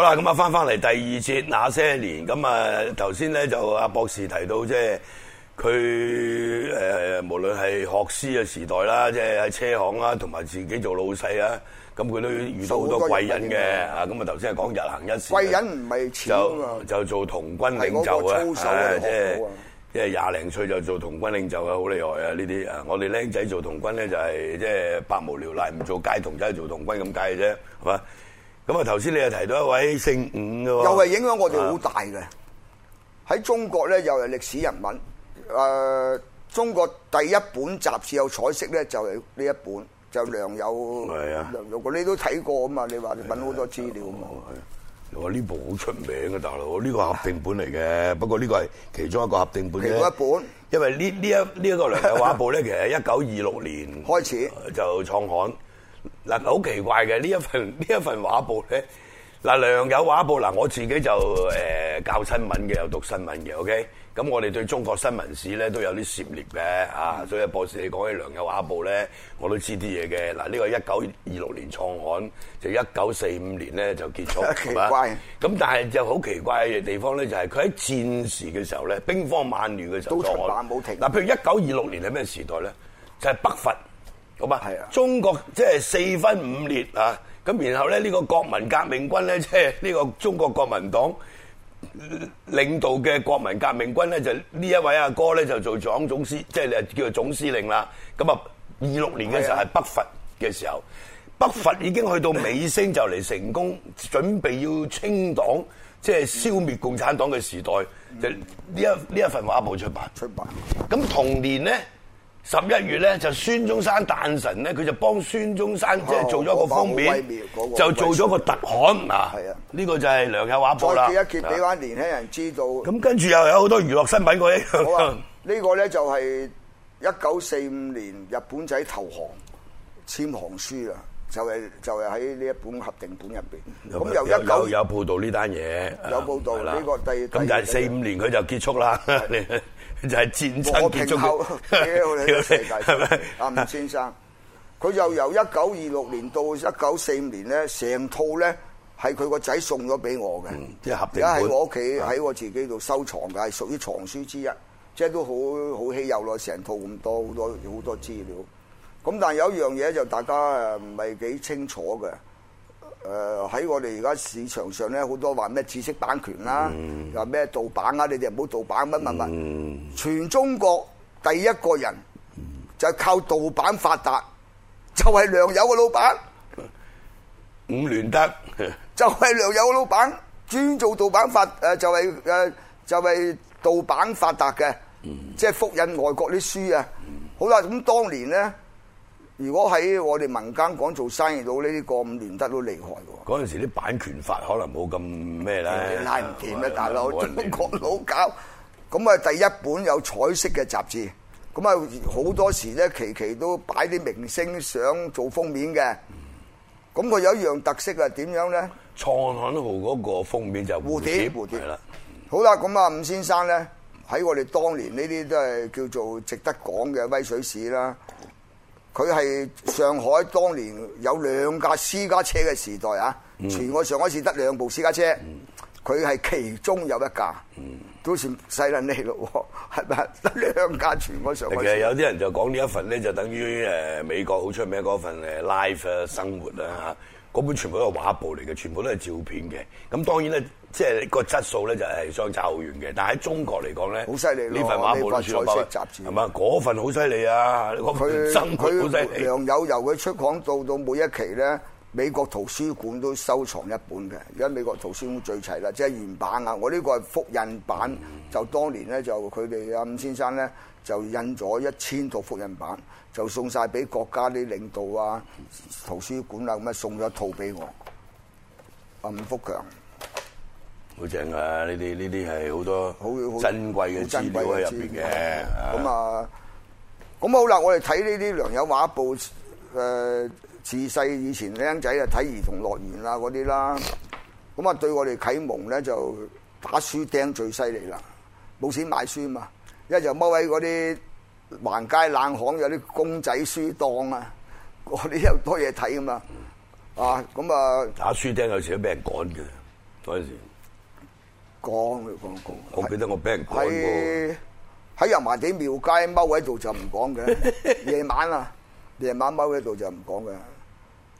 好啦，咁啊，翻翻嚟第二節那些年。咁啊，頭先咧就阿博士提到，即係佢誒，無論係學師嘅時代啦，即係喺車行啦，同埋自己做老細啊。咁佢都遇到好多貴人嘅啊。咁啊，頭先係講日行一善，貴人唔係錢就，就做童軍領袖啊，即係即係廿零歲就做童軍領袖啊，好厲害啊！呢啲啊，我哋僆仔做童軍咧就係即係百無聊賴，唔做街童，仔做童軍咁解嘅啫，係嘛？咁啊！頭先你又提到一位姓伍嘅喎，又係影響我哋好大嘅。喺中國咧，又係歷史人物。誒、呃，中國第一本雜誌有彩色咧，就係呢一本，就良友。係啊是的。良友，你都睇過啊嘛？你話你揾好多資料喎、啊。係。你話呢部好出名嘅大佬，呢個合訂本嚟嘅。不過呢個係其中一個合訂本。其中一本。因為呢呢一呢一個良友畫報咧，其實一九二六年 開始就創刊。嗱，好奇怪嘅呢一份呢一份畫報咧，嗱良友畫報嗱我自己就誒教新聞嘅，又讀新聞嘅，OK，咁我哋對中國新聞史咧都有啲涉獵嘅啊，嗯、所以博士你講起良友畫報咧，我都知啲嘢嘅。嗱呢個一九二六年創刊，就一九四五年咧就結束。奇怪！咁但係就好奇怪嘅地方咧，就係佢喺戰時嘅時候咧，兵荒馬亂嘅時候都從冇停。嗱，譬如一九二六年係咩時代咧？就係、是、北伐。好嘛，係啊的！中國即係四分五裂啊！咁然後咧，呢個國民革命軍咧，即係呢個中國國民黨領導嘅國民革命軍咧，就呢一位阿哥咧，就做總司，即係叫做總司令啦。咁啊，二六年嘅時候係北伐嘅時候，北伐已經去到尾聲，就嚟成功，準備要清黨，即係消滅共產黨嘅時代。就呢一呢一份畫報出版，出版。咁同年咧。十一月咧就孫中山誕辰咧，佢就幫孫中山即係做咗個封面，就做咗個特刊啊！呢個就係梁友華播啦。再一揭俾班年輕人知道。咁跟住又有好多娛樂新聞嗰呢個咧就係一九四五年日本仔投降簽行書啦，就係就係喺呢一本合訂本入邊。咁由一九有報道呢單嘢，有報道呢個第二咁就係四五年佢就結束啦。就係戰爭結束嘅呢個世界，係咪阿吳先生？佢又由一九二六年到一九四五年咧，成套咧係佢個仔送咗俾我嘅，而、嗯、家喺我屋企喺我自己度收藏嘅，係屬於藏書之一，即係都好好稀有咯，成套咁多好多好多資料。咁但係有一樣嘢就大家誒唔係幾清楚嘅。誒喺、呃、我哋而家市場上咧，好多話咩知識版權啦，嗯、又話咩盜版啊！你哋唔好盜版乜乜乜。全中國第一個人就係靠盜版發達，就係、是、良友嘅老闆伍聯德， 就係良友嘅老闆專做盜版發誒，就係、是、誒就係、是就是、盜版發達嘅，即係複印外國啲書啊！好啦，咁當年咧。如果喺我哋民間講做生意到呢啲過五年得都厲害喎。嗰陣時啲版權法可能冇咁咩咧。拉唔掂咧，大佬，中國老搞。咁啊，第一本有彩色嘅雜誌，咁啊好多時咧期期都擺啲明星相做封面嘅。咁佢有一樣特色啊，點樣咧？創刊號嗰個封面就蝴蝶，蝴蝶。係啦。好啦，咁啊，伍先生咧，喺我哋當年呢啲都係叫做值得講嘅威水史啦。佢係上海當年有兩架私家車嘅時代啊，全個上海市得兩部私家車，佢係其中有一架，都算犀利㗎喎，係咪？得兩架全個上海市。其實有啲人就講呢一份咧，就等於誒美國好出名嗰份誒 Life 啊生活啊嚇。嗰本全部都係畫布嚟嘅，全部都係照片嘅。咁當然咧，即係個質素，咧就係相差好遠嘅。但喺中國嚟講咧，好犀利咯！呢份畫布《彩色雜誌》，係咪嗰份好犀利啊？佢佢梁友由佢出刊到到每一期咧，美國圖書館都收藏一本嘅。而家美國圖書館聚齊啦，即係原版啊！我呢個係複印版，就當年咧就佢哋阿伍先生咧。就印咗一千套複印版，就送晒俾國家啲領導啊、圖書館啊。咁啊送咗一套俾我。阿伍福強，好正啊！呢啲呢啲係好多好珍貴嘅資料喺入邊嘅。咁啊，咁好啦，我哋睇呢啲良友畫報。誒、呃，自細以前僆仔啊睇兒童樂園啊嗰啲啦，咁啊對我哋啟蒙咧就打書釘最犀利啦，冇錢買書嘛。一就踎喺嗰啲橫街冷巷，有啲公仔書檔啊，嗰啲又多嘢睇噶嘛，啊咁啊，打書釘有時都俾人趕嘅，嗰陣時趕啊趕趕。我記得我俾人趕喎，喺油麻地廟街踎喺度就唔講嘅，夜晚啊，夜晚踎喺度就唔講嘅。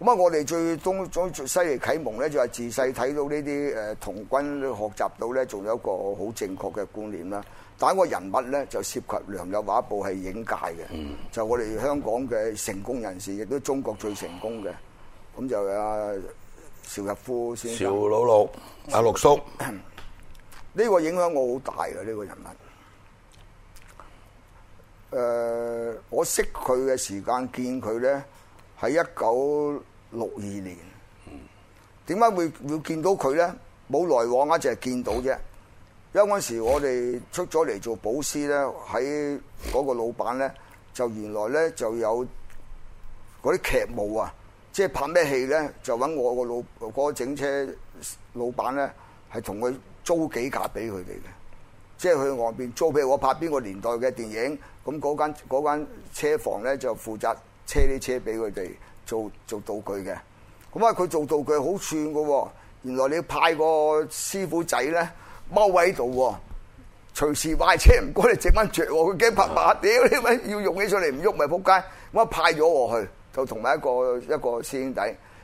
咁啊，我哋最中中最犀利啟蒙咧，就係自細睇到呢啲誒童軍學習到咧，仲有一個好正確嘅觀念啦。第一個人物咧就涉及梁友畫一部係影界嘅，就我哋香港嘅成功人士，亦都中國最成功嘅。咁就阿邵逸夫先生、邵老六、阿六叔，呢個影響我好大嘅呢個人物。誒，我識佢嘅時間見佢咧，喺一九六二年。點解會會見到佢咧？冇來往啊，淨係見到啫。因為嗰時我哋出咗嚟做保師咧，喺、那、嗰個老闆咧就原來咧就有嗰啲劇務啊，即係拍咩戲咧，就揾我老、那個老嗰個整車老闆咧係同佢租幾架俾佢哋嘅，即係去外邊租俾我拍邊個年代嘅電影，咁嗰間嗰間車房咧就負責車啲車俾佢哋做做道具嘅。咁啊，佢做道具好串噶喎，原來你派個師傅仔咧。踎喺度喎，隨時壞車唔該你整翻着喎，佢驚拍馬屌你咪要用起上嚟唔喐咪仆街，咁、就、啊、是、派咗我去，就同埋一個一個師兄弟，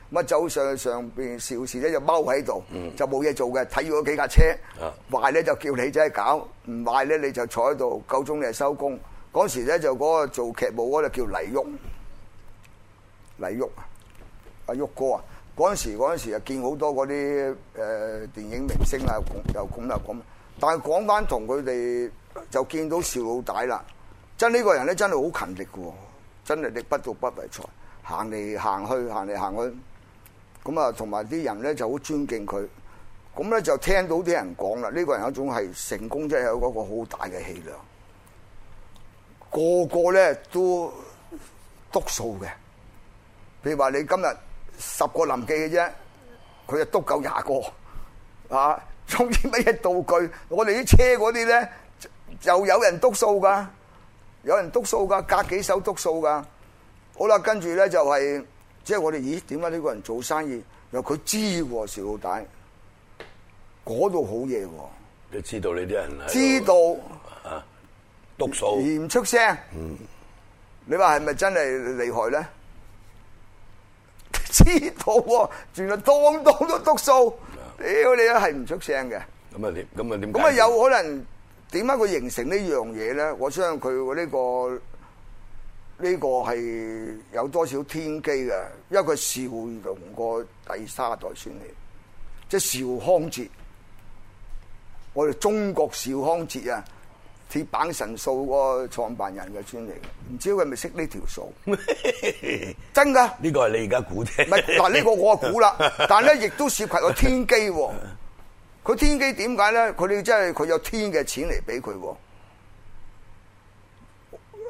咁啊走上去，上邊肇事咧就踎喺度，就冇嘢、嗯、做嘅，睇咗幾架車，的壞咧就叫你啫搞，唔壞咧你就坐喺度，夠鐘你係收工。嗰時咧就嗰個做劇務嗰個叫黎旭。黎旭啊，阿旭哥啊。嗰陣時，嗰陣時啊，見好多嗰啲誒電影明星啦，又咁又咁。但係講翻同佢哋，就見到邵老大啦。真係呢個人咧，真係好勤力喎，真係力不到不為財，行嚟行去，行嚟行去。咁啊，同埋啲人咧就好尊敬佢。咁咧就聽到啲人講啦，呢個人有一種係成功，即係有嗰個好大嘅氣量。個個咧都篤數嘅。譬如話你今日。十個臨記嘅啫，佢就督夠廿個啊！總之乜嘢道具，我哋啲車嗰啲咧，就有人督數噶，有人督數噶，隔幾手督數噶。好啦，跟住咧就係，即係我哋咦？點解呢個人做生意又佢知喎？邵老大，嗰度好嘢喎！你知道呢啲人係知道啊？督數而唔出聲，你話係咪真係厲害咧？知道啊，原來當當都篤數，屌你啊，係唔出聲嘅。咁啊點？咁啊點？咁啊有可能點解佢形成呢樣嘢咧？我相信佢呢、呢個呢、呢個係有多少天機嘅，因為佢邵雍個第三代算嚟，即係邵康節，我哋中國邵康節啊！鐵板神數個創辦人嘅專營，唔知佢係咪識呢條數？ 真噶的？呢個係你而家估啫。唔係嗱，呢個我估啦， 但咧亦都涉及個天機喎。佢天機點解咧？佢哋真係佢有天嘅 錢嚟俾佢。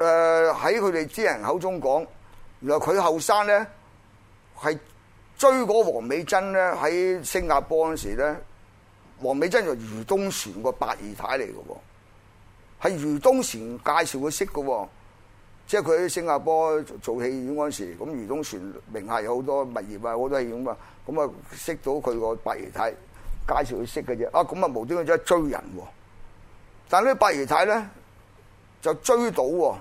誒喺佢哋啲人口中講，原來佢後生咧係追嗰黃美珍咧喺新加坡嗰時咧，黃美珍就余東璇個八姨太嚟嘅喎。係余東旋介紹佢識喎。即係佢喺新加坡做戲院嗰時，咁余東旋名下有好多物業多太太啊，啊，好多戲院啊，咁啊識到佢個八姨太介紹佢識嘅啫。啊，咁啊無端端真去追人、哦，但白太太呢八姨太咧就追到、哦，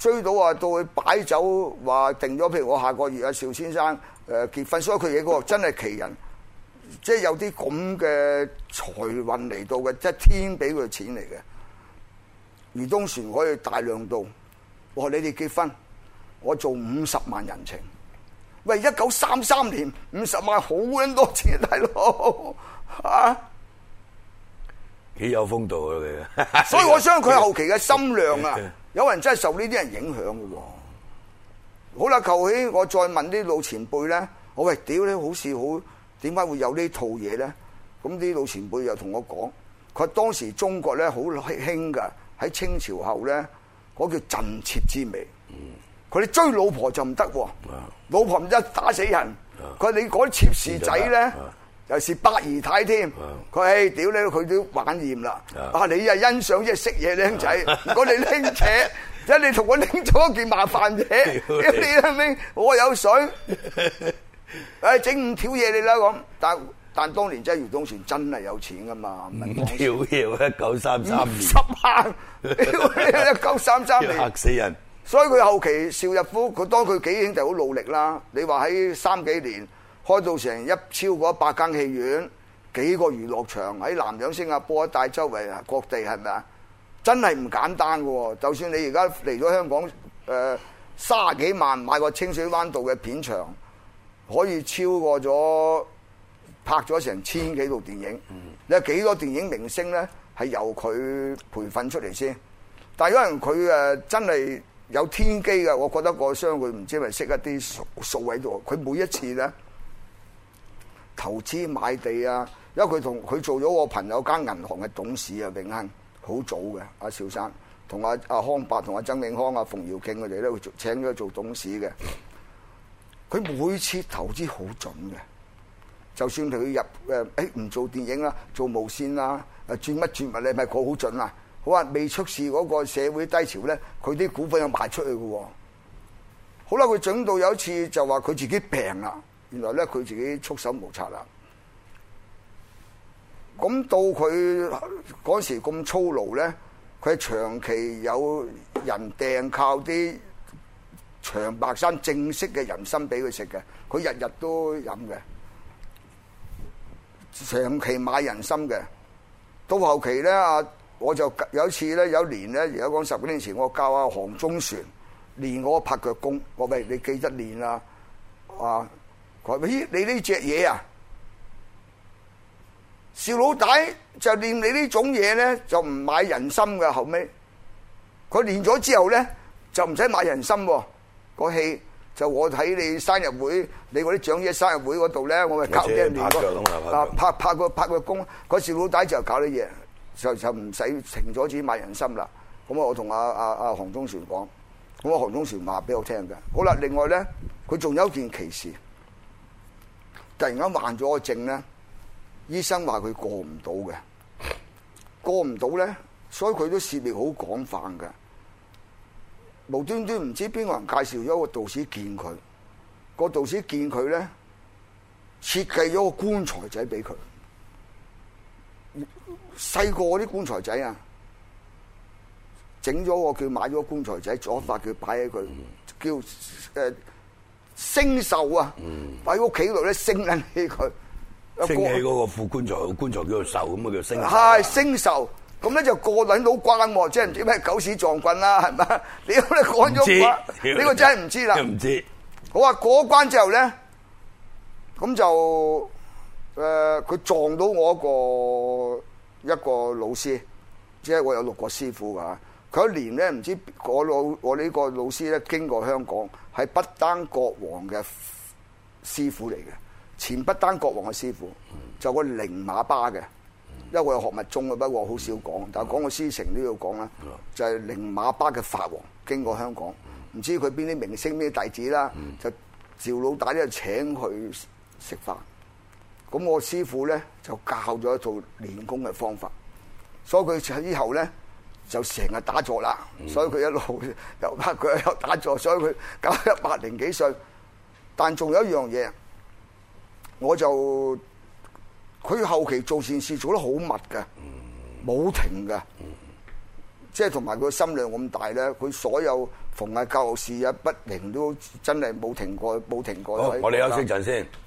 追到啊到佢擺酒，話定咗譬如我下個月阿、啊、邵先生誒、呃、結婚，所有佢嘢個真係奇人，即係有啲咁嘅財運嚟到嘅，即係天俾佢錢嚟嘅。漁燈船可以大量度，我你哋結婚，我做五十萬人情。喂，一九三三年五十萬好撚多錢，大佬啊，幾有風度啊！所以我相信佢後期嘅心量啊，有人真係受呢啲人影響嘅。好啦，求起我再問啲老前輩咧，我喂，屌你，好似好點解會有呢套嘢咧？咁啲老前輩又同我講，佢當時中國咧好興㗎。喺清朝後咧，嗰、那個、叫震妾之美。佢哋追老婆就唔得喎，嗯、老婆唔一打死人。佢、嗯、你嗰啲妾侍仔咧，又、嗯、是八姨太添。佢、嗯、屌你，佢都玩厭啦。嗯、啊，你又欣賞即係識嘢靚仔，我哋拎扯，即係、嗯、你同 我拎咗一件麻煩嘢。 你拎，我有水。唉，整五條嘢你啦咁，但。但當年即係余東璇真係有錢噶嘛？唔係講笑， 一九三三年，十萬 一九三三年，嚇死人！所以佢後期邵逸夫，佢當佢幾兄弟就好努力啦。你話喺三幾年開到成一超過一百間戲院，幾個娛樂場喺南洋、新加坡一帶周圍各地，係咪啊？真係唔簡單噶喎！就算你而家嚟咗香港，誒、呃、卅幾萬買個清水灣道嘅片場，可以超過咗。拍咗成千幾部電影，你有幾多電影明星咧？係由佢培訓出嚟先。但係可能佢誒真係有天機嘅，我覺得個商會佢唔知咪識一啲數數喺度。佢每一次咧投資買地啊，因為佢同佢做咗我朋友間銀行嘅董事啊，永亨好早嘅阿邵生，同阿阿康伯同阿、啊啊、曾永康阿馮堯敬佢哋咧，啊、他呢會請佢做董事嘅。佢每次投資好準嘅。就算佢入誒，誒唔做電影啦，做無線啦，誒轉乜轉物咧，咪估好準啊！好啊，未出事嗰個社會低潮咧，佢啲股份又賣出去嘅喎。好啦，佢準到有一次就話佢自己病啦，原來咧佢自己束手無策啦。咁到佢嗰時咁操勞咧，佢係長期有人訂購啲長白山正式嘅人參俾佢食嘅，佢日日都飲嘅。長期買人參嘅，到後期咧啊，我就有一次咧，有年咧，而家講十幾年前，我教阿韓中璇練我拍腳功。我話：喂，你記得練啦啊！佢、啊、話：咦，你呢隻嘢啊，少老大就練你這種東西呢種嘢咧，就唔買人參嘅。後尾，佢練咗之後咧，就唔使買人參喎。個戲！就我睇你生日會，你嗰啲長者生日會嗰度咧，者我咪交俾拍拍個拍個工，嗰時老帶就搞啲嘢，就就唔使停咗自己買人心啦。咁啊，我同阿阿阿韓忠璇講，咁啊，韓、啊、忠璇話俾我聽嘅。好啦，另外咧，佢仲有一件奇事，突然間患咗個症咧，醫生話佢過唔到嘅，過唔到咧，所以佢都涉獵好廣泛嘅。無端端唔知邊個人介紹咗個道士見佢，個道士見佢咧，設計咗個棺材仔俾佢。細個嗰啲棺材仔啊，整咗個佢買咗個棺材仔，左發佢擺喺佢，嗯、叫誒、呃、星壽啊，擺喺屋企度咧升緊佢。嗯、升起嗰個副棺材，棺材叫做壽咁啊，叫星。係星壽。咁咧就過撚到關喎，即係唔知咩狗屎撞棍啦，係咪？你講咗話，呢個真係唔知啦。知好啊，過、那個、關之後咧，咁就誒佢撞到我一個一個老師，即、就、係、是、我有六個師傅㗎。佢一年咧唔知我老我呢個老師咧經過香港，係不丹國王嘅師傅嚟嘅，前不丹國王嘅師傅，嗯、就個寧瑪巴嘅。因為我有學物中啊，不過好少講，嗯、但講個師承都要講啦。嗯、就係寧瑪巴嘅法王經過香港，唔、嗯、知佢邊啲明星咩弟子啦。嗯、就趙老大咧就請佢食飯，咁我師傅咧就教咗一套練功嘅方法，所以佢以後咧就成日打坐啦。嗯、所以佢一路由佢打坐，所以佢搞一百零幾歲。但仲有一樣嘢，我就。佢後期做善事做得好密㗎，冇停㗎，即係同埋佢心量咁大咧，佢所有逢係救事啊，不停都真係冇停過，冇停過。好，我哋休息陣先。